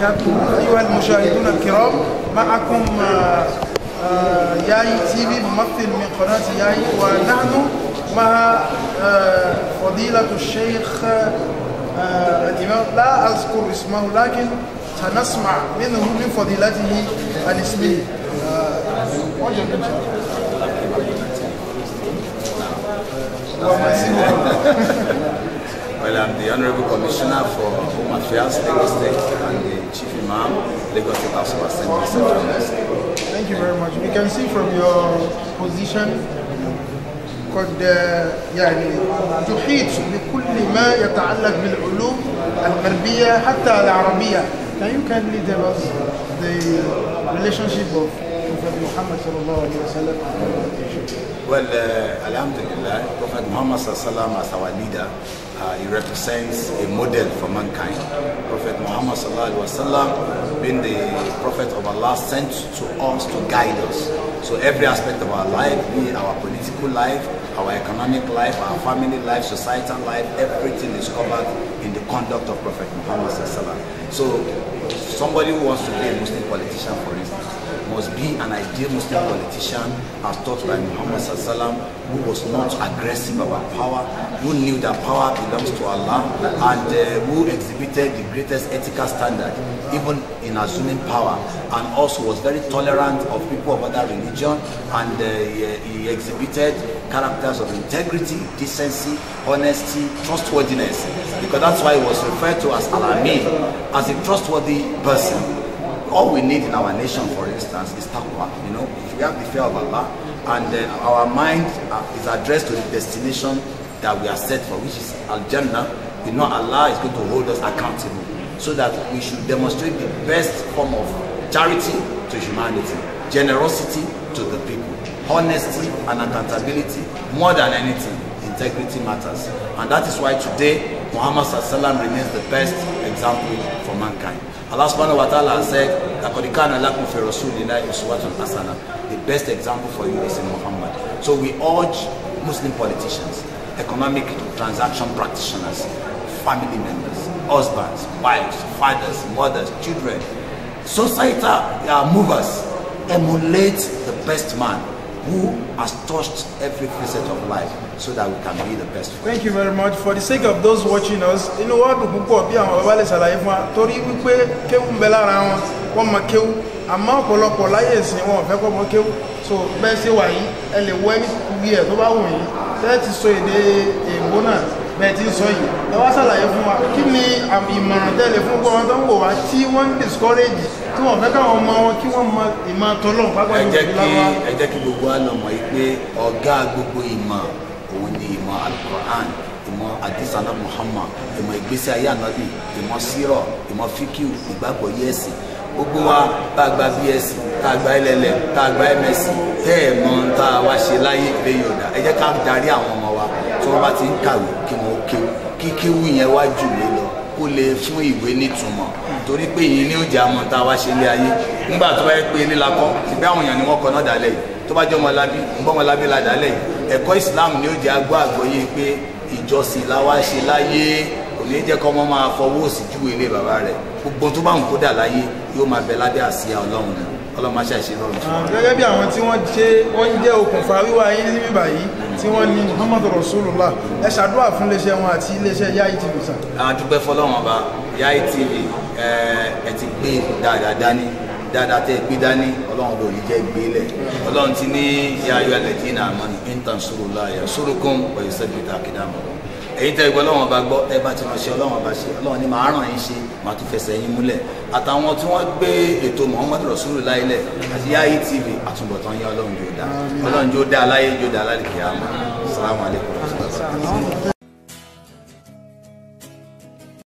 أيها المشاهدون الكرام معكم آه، آه، ياي تي في ممثل من قناة ياي ونحن مع آه، فضيلة الشيخ الإمام لا أذكر اسمه لكن سنسمع منه من فضيلته عن اسمه Well, I'm the Honorable Commissioner for Home Affairs, Lagos State, and the Chief Imam, Lagos State House of Assembly, Central Mosque. Thank you very much. We can see from your position قد يعني تحيط بكل ما يتعلق بالعلوم الغربية حتى العربية. Can you can really tell us the relationship of Prophet Muhammad صلى الله عليه وسلم Well, uh, alhamdulillah, Prophet Muhammad الله عليه وسلم as our leader Uh, he represents a model for mankind. Prophet Muhammad wasallam, being the prophet of Allah, sent to us to guide us. So every aspect of our life, be it our political life, our economic life, our family life, societal life, everything is covered in the conduct of Prophet Muhammad. So somebody who wants to be a Muslim politician, for instance, must be an ideal Muslim politician as taught by Muhammad Sallam, who was not aggressive about power, who knew that power belongs to Allah, and uh, who exhibited the greatest ethical standard, even in assuming power, and also was very tolerant of people of other religion, and uh, he, he exhibited characters of integrity, decency, honesty, trustworthiness. Because that's why he was referred to as Alamin, as a trustworthy person. All we need in our nation, for instance, is taqwa. You know, if we have the fear of Allah, and uh, our mind uh, is addressed to the destination that we are set for, which is Al Jannah, we know Allah is going to hold us accountable. So that we should demonstrate the best form of charity to humanity, generosity to the people honesty and accountability more than anything integrity matters and that is why today Muhammad sallam remains the best example for mankind Allah subhanahu wa ta'ala said لَقَدْ كَانَ لَكُمْ فِي رَسُولِ اللَّهِ asana." the best example for you is in Muhammad so we urge Muslim politicians economic transaction practitioners family members husbands wives fathers mothers children societal uh, movers emulate the best man who has touched every facet of life so that we can be the best. Thank you very much for the sake of those watching us. Inú wa dùn púpọ̀ bí àwọn bàbá lè ṣàlàyé fún wa torí wípé kéwù ń bẹ lára wọn wọ́n mọ kéwù àmọ́ ọ̀pọ̀lọpọ̀ láyé ìsìn wọn ò fẹ́ kọ́ mọ kéwù so bẹ́ẹ̀ ṣe wà yìí ẹ lè wọ ẹni kúbi ẹ̀ tó bá wù yín tẹ́ẹ̀ ti sọ èdè èèbó náà bẹ́ẹ̀ ti sọ yìí ẹ wá ṣàlàyé fún wa àmì ìmọ̀ràn tẹ́lẹ̀ fún gbọ́n tó ń wò wá tí wọ́n ń discourage tí wọ́n fẹ́ káwọn ọmọ wọn kí wọ́n mọ ìmọ̀ tọ́lọ̀ pápá ìlú ìlàwọ́. ẹ jẹ́ kí gbogbo wa lọ mọ̀ pé ọ̀gá gbogbo ìmọ̀ òun ni ìmọ̀ alukur'an ìmọ̀ adisana muhammad ìmọ̀ ìgbésí ayé ànábì ìmọ̀ sírọ̀ ìmọ̀ fíkìú ìgbàgbọ́ yẹ́sì gbogbo wa tá a gba bs tá a gba ll tá a gba ms tẹ́ ẹ̀ mọ̀ tá a wá ṣe láyé ìgbé yọ̀dà ẹ jẹ́ ká darí àwọn ọmọ wa tí wọ́n bá ti ń kàwé kí wọ́n kéwú kí kéwú yẹn wá jù mí lọ kó lè fún ìwé nítumọ̀ torí pé yìí ní òjì àmọ́ tá a wá ṣe ilé ayé nígbà tó bá yẹ pé ilé lakọ́ ìgbé àwọn èèyàn ni wọ́n kọ́ náà dálẹ̀ yìí tó bá jẹ́ ọmọlábí ọmọlábí la dálẹ̀ yìí ẹ̀kọ́ ìsìláàmù ní òjì agbó àgbọ́yé pé ìjọsìn la wá ṣe láyé kò ní jẹ́ kọ́ ọmọ máa fọwọ́ sí ju ilé bàbá rẹ̀ gbogbo tó bá ń kó dà láyé yóò máa bẹ lábẹ́ àsíá ọlọ́run ọlọ́run máa ṣàṣe lọ́rùn. gẹ́gẹ́ bí àwọn tí wọ́n jẹ́ okùnfà wíwá yín níbí báyìí tí wọ́n ní muhammadu rasulullah ẹ ṣàdúrà fún iléeṣẹ́ wọn àti iléeṣẹ́ Yayi TV sàn. a dúpẹ́ fọlọ́wọ́n ọba Yayi TV ẹ ti gbé dáadáa dání dáadáa tẹ́ gbé dání ọlọ́run ló ní jẹ́ gbé lẹ̀ ọlọ́run ti ní yáyọ ẹlẹ́dínà àmọ́ ní intanṣurullah yasurukum wa yusabbit aqdamakum èyí tẹ́ ìgbọ́ lọ́wọ́n bá gbọ́ tẹ́ bá ti ránṣẹ́ ọlọ́wọ́n bá ṣe ọlọ́wọ́n ni màá ràn yín ṣe màá tún fẹsẹ̀ yín múlẹ̀ àtàwọn tí wọ́n gbé ètò Muhammadu Rasulullah láìlẹ̀ àti Yayi TV àtúbọ̀tán yín ọlọ́run yóò dáa ọlọ́run yóò dáa aláyé yóò dáa alálìkè àmọ́ salamu